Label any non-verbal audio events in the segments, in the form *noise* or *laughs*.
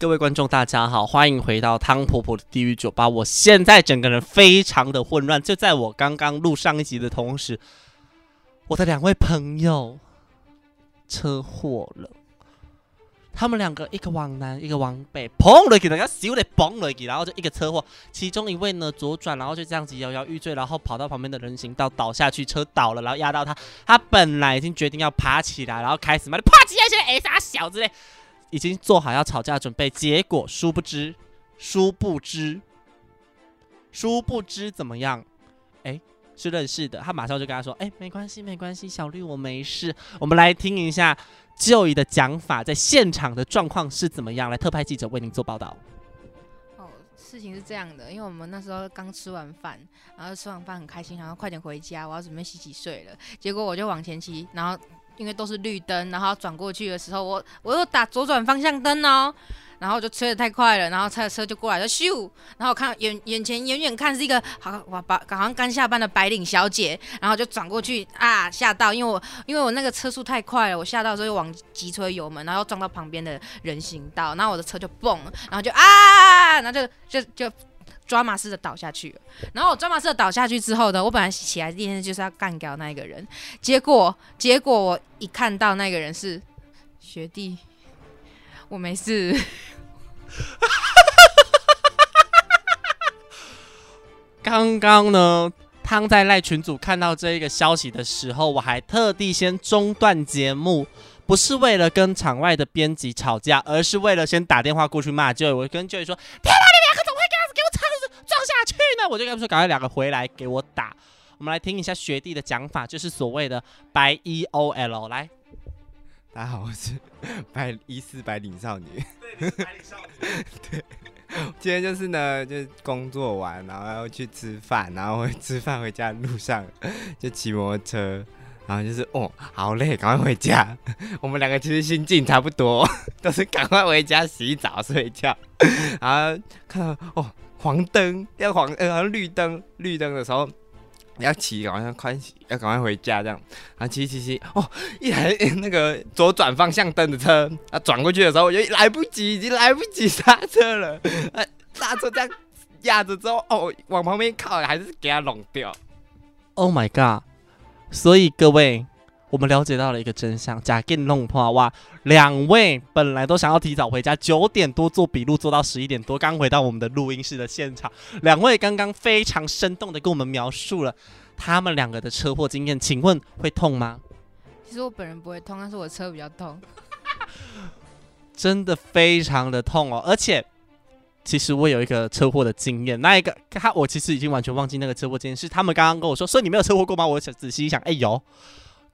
各位觀眾，大家好，歡迎回到湯婆婆的地獄酒吧。我現在整個人非常的混亂，就在我剛剛錄上一集的同時，我的兩位朋友車禍了。他們兩個一個往南，一個往北，砰了給他，然後就一個車禍。其中一位呢，左轉，然後就這樣子搖搖欲墜，然後跑到旁邊的人行道倒下去，車倒了，然後壓到他。他本來已經決定要爬起來，然後開始嘛，啪嘰一下現在誒，啥小子嘞？已經做好要吵架準備，結果殊不知，殊不知，殊不知怎麼樣？哎，是認識的，他馬上就跟他說：“哎，沒關係，沒關係，小綠我沒事。”我們來聽一下 Joey 的講法，在現場的狀況是怎麼樣？來，特派記者為您做報道。哦，事情是這樣的，因為我們那時候剛吃完飯，然後吃完飯很開心，然後快點回家，我要準備洗洗睡了。結果我就往前騎，然後。因為都是綠燈，然後轉過去的時候，我我又打左轉方向燈哦，然後就吹得太快了，然後他的車就過來了，咻！然後我看眼眼，眼眼前遠遠看是一個好，我把白好像剛下班的白領小姐，然後就轉過去啊，嚇到，因為我因為我那個車速太快了，我嚇到的時候又往急推油門，然後撞到旁邊的人行道，然後我的車就蹦，然後就啊，然後就就就。就抓馬式的倒下去，然後我抓馬式的倒下去之後呢，我本來起來第一件事就是要幹掉那個人，結果結果我一看到那個人是學弟，我沒事。剛剛呢，湯在賴群組看到這一個消息的時候，我還特地先中斷節目，不是為了跟場外的編輯吵架，而是為了先打電話過去罵舅舅。我跟舅舅說：“天哪，你別！”下去呢？我就跟他說：“搞了兩個回來給我打。”我們來聽一下學弟的講法，就是所謂的“白 EOL”。來，大家好，我是白一四白領少女。對，白領少女 *laughs* 對，今天就是呢，就是工作完，然後要去吃飯，然後吃飯回家的路上就騎摩托車。然後就是哦，好累，趕快回家。 *laughs* 我們兩個其實心境差不多，都是趕快回家洗澡睡覺。 *laughs* 然後看到哦，黃燈要黃，然後，呃，綠燈綠燈的時候，你要騎，好像快，快要趕快回家這樣。然後騎騎騎，哦，一來那個左轉方向燈的車，啊，轉過去的時候，我就來不及，已經來不及剎車了。啊，剎車這樣壓着之後，哦，往旁邊靠，還是給它弄掉。Oh my god！所以各位，我們了解到了一個真相。假 g e 弄破哇，兩位本來都想要提早回家，九點多做筆錄做到十一點多，剛回到我們的錄音室的現場。兩位剛剛非常生動的跟我們描述了他們兩個的車禍經驗。請問會痛嗎？其實我本人不會痛，但是我車比較痛， *laughs* 真的非常的痛哦，而且。其實我有一個車禍的經驗，那一個他我其實已經完全忘記那個車禍經驗，是他們剛剛跟我說，所以你沒有車禍過嗎？我想仔細一想，哎、欸、呦，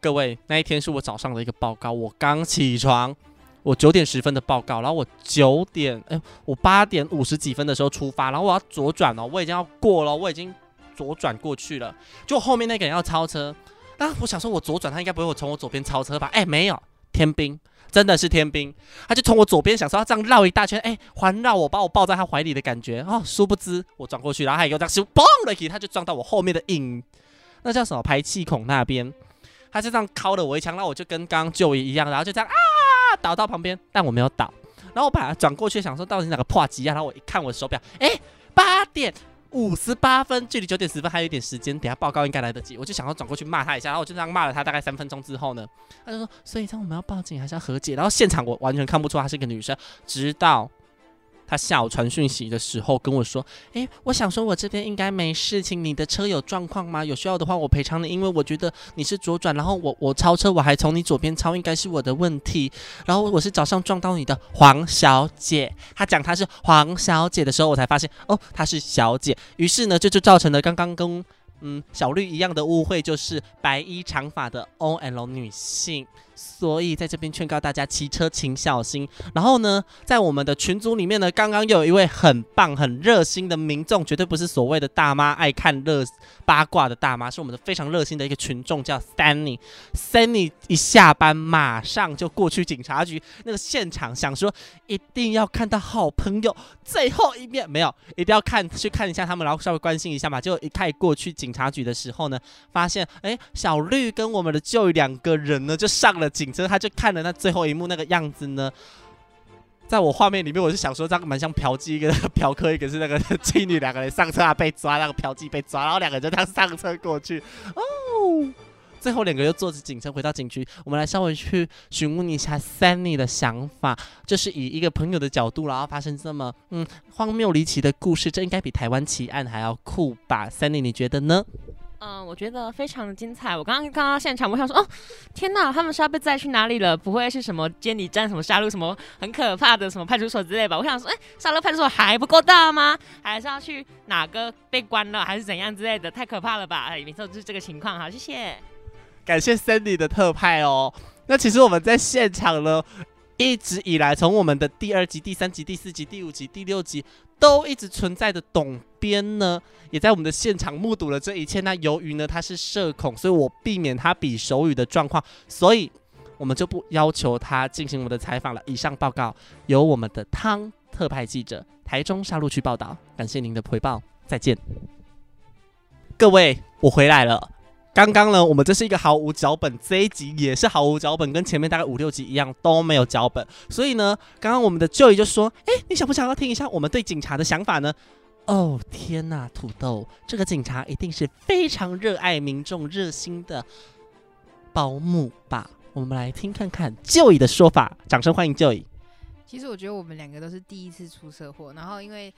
各位，那一天是我早上的一個報告，我剛起床，我九點十分的報告，然後我九點，哎、欸、我八點五十幾分的時候出發，然後我要左轉哦，我已經要過了，我已經左轉過去了，就後面那個人要超車，那我想說我左轉，他應該不會我從我左邊超車吧？哎、欸、沒有，天兵。真的是天兵，他就從我左邊想說他這樣繞一大圈，哎、欸，環繞我，把我抱在他懷裡的感覺哦，殊不知我轉過去，然後他一個這樣咻嘣！他就撞到我後面的影。那叫什麼排氣孔那邊，他就這樣尻了我一槍，那我就跟剛剛就一樣，然後就這樣啊倒到旁邊，但我沒有倒，然後我把他轉過去想說到底哪個破機啊？然後我一看我的手錶，哎、欸，八點。五十八分，距離九點十分還有一點時間，等下報告應該來得及。我就想要轉過去罵他一下，然後我就這樣罵了他大概三分鐘之後呢，他就說：所以，這樣我們要報警還是要和解？然後現場我完全看不出她是個女生，直到。他下午傳訊息的時候跟我說：“誒、欸，我想說我這邊應該沒事情，你的車有狀況嗎？有需要的話我賠償你，因為我覺得你是左轉，然後我我超車，我還從你左邊超，應該是我的問題。然後我是早上撞到你的黃小姐，他講他是黃小姐的時候，我才發現哦，她是小姐。於是呢，這就造成了剛剛跟嗯小綠一樣的誤會，就是白衣長髮的 OL 女性。”所以在這邊勸告大家，騎車請小心。然後呢，在我們的群組裡面呢，剛剛又有一位很棒、很熱心的民眾，絕對不是所謂的大媽愛看熱八卦的大媽，是我們的非常熱心的一個群眾，叫 s a n n y Sunny 一下班馬上就過去警察局那個現場，想說一定要看到好朋友最後一面，沒有，一定要看去看一下他們，然後稍微關心一下嘛。就一太過去警察局的時候呢，發現哎、欸，小綠跟我們的舅兩個人呢就上了。警車，他就看了那最後一幕那個樣子呢，在我畫面裡面，我是想說，這樣蠻像嫖妓一個嫖客，一個是那個妓女，兩個人上車啊被抓，那個嫖妓被抓，然後兩個人就這樣上車過去哦。最後兩個人又坐着警車回到警局，我們來稍微去詢問一下3妮的想法，就是以一個朋友的角度，然後發生這麼嗯荒謬離奇的故事，這應該比台灣奇案還要酷吧？3妮，你覺得呢？嗯、呃，我覺得非常的精彩。我剛剛看到現場，我想說，哦，天吶，他們是要被載去哪裡了？不會是什麼監理站、什麼沙鹿、什麼很可怕的、什麼派出所之類吧？我想說，哎，沙鹿派出所還不夠大嗎？還是要去哪個被關了，還是怎樣之類的？太可怕了吧！哎，沒錯，就是這個情況。好，謝謝，感謝3妮的特派哦。那其實我們在現場呢。一直以來，從我們的第二集、第三集、第四集、第五集、第六集，都一直存在的董編呢，也在我們的現場目睹了這一切。那由於呢，他是社恐，所以我避免他比手語的狀況，所以我們就不要求他進行我們的採訪了。以上報告由我們的湯特派記者台中沙鹿區報道，感謝您的回報，再見，各位，我回來了。剛剛呢，我們這是一個毫無腳本，這一集也是毫無腳本，跟前面大概五六集一樣都沒有腳本。所以呢，剛剛我們的 Joey 就說：“哎，你想不想要聽一下我們對警察的想法呢？”哦天哪，土豆，這個警察一定是非常熱愛民眾、熱心的保母吧？我們來聽看看 Joey 的說法，掌聲歡迎 Joey。其實我覺得我們兩個都是第一次出車禍，然後因為。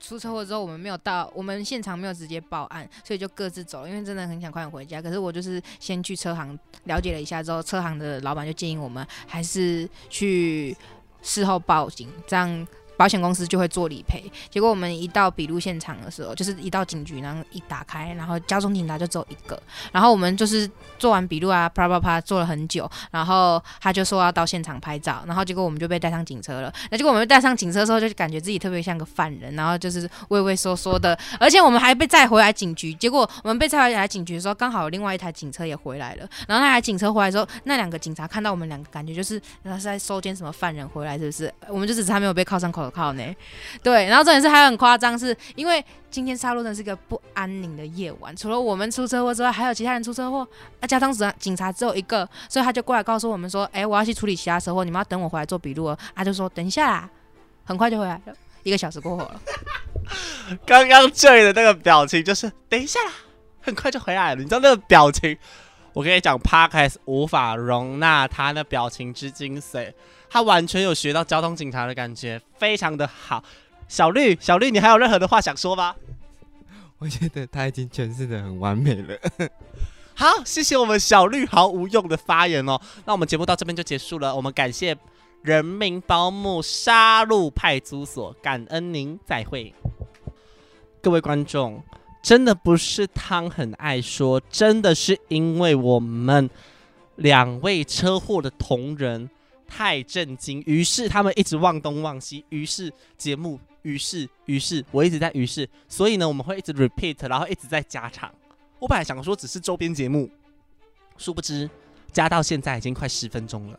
出車禍之後，我們沒有到，我們現場沒有直接報案，所以就各自走了，因為真的很想快點回家。可是我就是先去車行了解了一下之後，車行的老板就建議我們還是去事後報警，這樣。保險公司就會做理賠，結果我們一到筆錄現場的時候，就是一到警局，然後一打開，然後交通警察就只有一個，然後我們就是做完筆錄啊，啪、啪啪啪，做了很久，然後他就說要到現場拍照，然後結果我們就被帶上警車了。那結果我們帶上警車的時候，就感覺自己特別像個犯人，然後就是畏畏縮縮的，而且我們還被載回來警局。結果我們被載回來警局的時候，剛好另外一台警車也回來了，然後那台警車回來之後，那兩個警察看到我們兩個，感覺就是他是在收監什麼犯人回來，是不是？我們就只是還沒有被銬上口。靠呢，對，然後重點是，還有很誇張，是因為今天沙鹿的是個不安寧的夜晚，除了我們出車禍之外，還有其他人出車禍。而且當時警察只有一個，所以他就過來告訴我們說：“哎，我要去處理其他車禍，你們要等我回來做筆錄哦。”他就說：“等一下啦，很快就回來了。”一個小時過後了， *laughs* 剛剛醉的那個表情就是“等一下啦，很快就回來了”，你知道那個表情，我跟你講，park has 無法容納他那表情之精髓。他完全有學到交通警察的感覺，非常的好。小綠，小綠，你還有任何的話想說嗎？我覺得他已經詮釋得很完美了。好，謝謝我們小綠毫無用的發言哦。那我們節目到這邊就結束了，我們感謝人民保母沙鹿派出所，感恩您，再會。各位觀眾，真的不是湯很愛說，真的是因為我們兩位車禍的同仁。太震驚，於是他們一直望東望西，於是節目，於是，於是，於是我一直在，於是，所以呢，我們會一直 repeat，然後一直在加場。我本來想說只是周邊節目，殊不知加到現在已經快十分鐘了。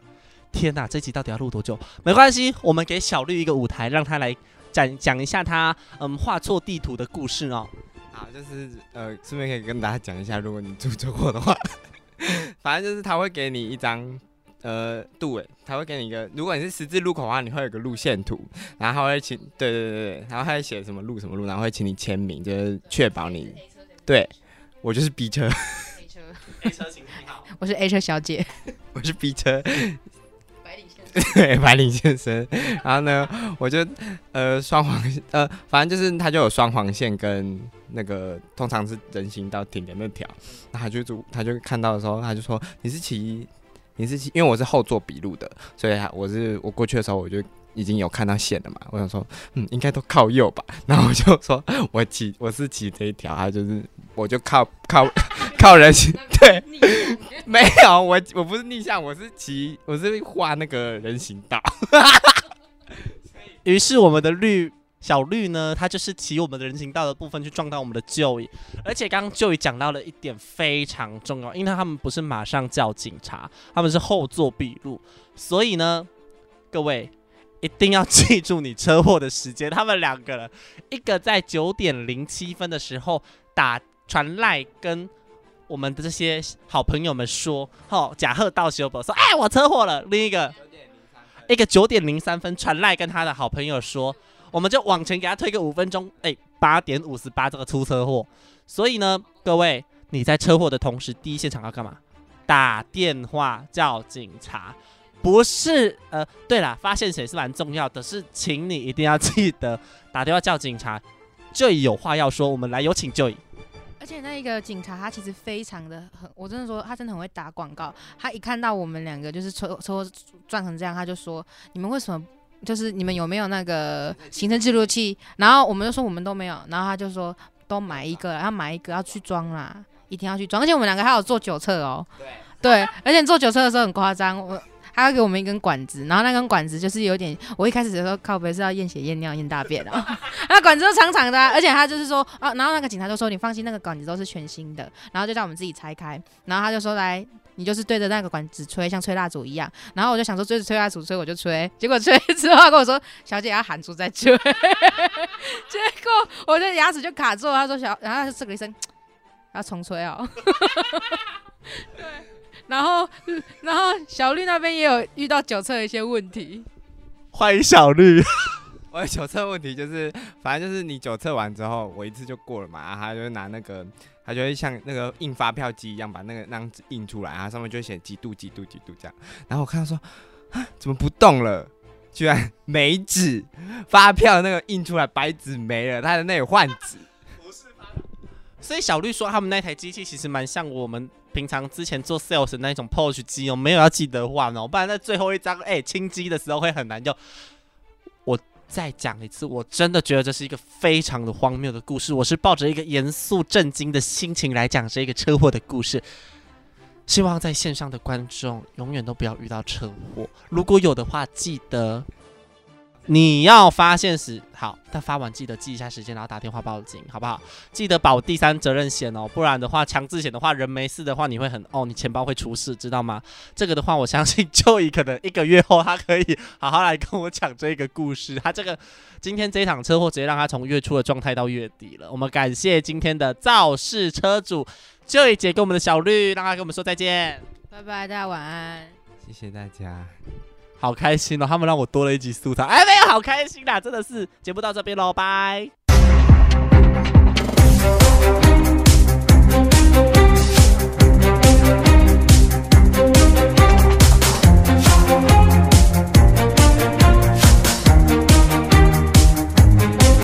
天哪，這集到底要錄多久？沒關係，我們給小綠一個舞台，讓他來講講一下他嗯，畫錯地圖的故事哦。好，就是呃，順便可以跟大家講一下，如果你做錯過的話， *laughs* 反正就是他會給你一張。呃，杜偉他會給你一個，如果你是十字路口的話，你會有個路線圖，然後他會請，對對對、對然後他會寫什麼路什麼路，然後會請你簽名，就是確保你對、對、對、對我就是 B 車，車，黑車好，我是 A 車小姐，我是，小姐我是 B 車，白領先生， *laughs* 對，白領先生， *laughs* 然後呢，我就呃雙黃線，呃，反正就是他就有雙黃線跟那個通常是人行道停的那條，那、嗯、他就就他就看到的時候，他就說你是騎。你是因為我是後座筆錄的，所以啊，我是我過去的時候我就已經有看到線了嘛。我想說，嗯，應該都靠右吧。然後我就說，我騎我是騎這一條，啊，就是我就靠靠靠人行對，沒有我我不是逆向，我是騎我是畫那個人行道。於 *laughs* 是我們的綠。小綠呢？他就是騎我們的人行道的部分去撞到我們的 Joey，而且剛剛 Joey 講到了一點非常重要，因為他們不是馬上叫警察，他們是後做筆錄，所以呢，各位一定要記住你車禍的時間。他們兩個人，一個在九點零七分的時候打傳 LINE 跟我們的這些好朋友們說：“哈、哦，假賀到修博說，哎、欸，我車禍了。”另一個9一個九點零三分傳 LINE 跟他的好朋友說。我們就往前給他推個五分鐘，哎、欸，八點五十八這個出車禍，所以呢，各位你在車禍的同時，第一現場要幹嘛？打電話叫警察，不是，呃，對了，發現誰是蠻重要的，是，請你一定要記得打電話叫警察。Joey 有話要說，我們來有請 Joey。而且那一個警察他其實非常的很，我真的說他真的很會打廣告。他一看到我們兩個就是車車撞成這樣，他就說，你們為什麼？就是你們有沒有那個行程記錄器？然後我們就說我們都沒有，然後他就說都買一個，要買一個要去裝啦，一定要去裝。而且我們兩個還有做酒測哦。對,對，而且做酒測的時候很誇張，我他要給我們一根管子，然後那根管子就是有點，我一開始的時候靠北是要驗血、驗尿、驗大便啊、喔， *laughs* *laughs* 那管子都長長的、啊。而且他就是說啊，然後那個警察就說你放心，那個管子都是全新的，然後就叫我們自己拆開，然後他就說來。你就是對着那個管子吹，像吹蠟燭一樣。然後我就想說追，追着吹蠟燭吹，我就吹。結果吹之後跟我說，小姐要喊出再吹。 *laughs* 結果我的牙齒就卡住。他說小，然後這個一聲，要重吹哦，喔。 *laughs* 對，然後然後小綠那邊也有遇到酒測的一些問題。歡迎小綠。我酒測問題就是，反正就是你酒測完之後，我一次就過了嘛。然後，啊，他就拿那個，他就會像那個印發票機一樣，把那個那張紙印出來，然後，啊，上面就會寫幾度幾度幾度這樣。然後我看他說，啊，怎麼不動了？居然沒紙，發票那個印出來白紙沒了，他的那裡換紙。不是吧？所以小綠說，他們那台機器其實蠻像我們平常之前做 sales 那種 POS 機哦，沒有要記得換哦，不然在最後一張哎、欸、清機的時候會很難就。再講一次，我真的覺得這是一個非常的荒謬的故事。我是抱着一個嚴肅震驚的心情來講這個車禍的故事。希望在線上的觀眾永遠都不要遇到車禍，如果有的話，記得。你要發現時好，但發完記得記一下時間，然後打電話報警，好不好？記得保第三責任險哦，不然的話，強制險的話，人沒事的話，你會很哦，你錢包會出事，知道嗎？這個的話，我相信 Joey 可能一個月後，他可以好好來跟我講這個故事。他這個今天這一場車禍，直接讓他從月初的狀態到月底了。我們感謝今天的肇事車主 Joey 姐跟我們的小綠，讓他跟我們說再見，拜拜，大家晚安，謝謝大家。好開心哦！他們讓我多了一集素材，哎、欸，沒有，好開心啦！真的是，節目到這邊嘍，拜。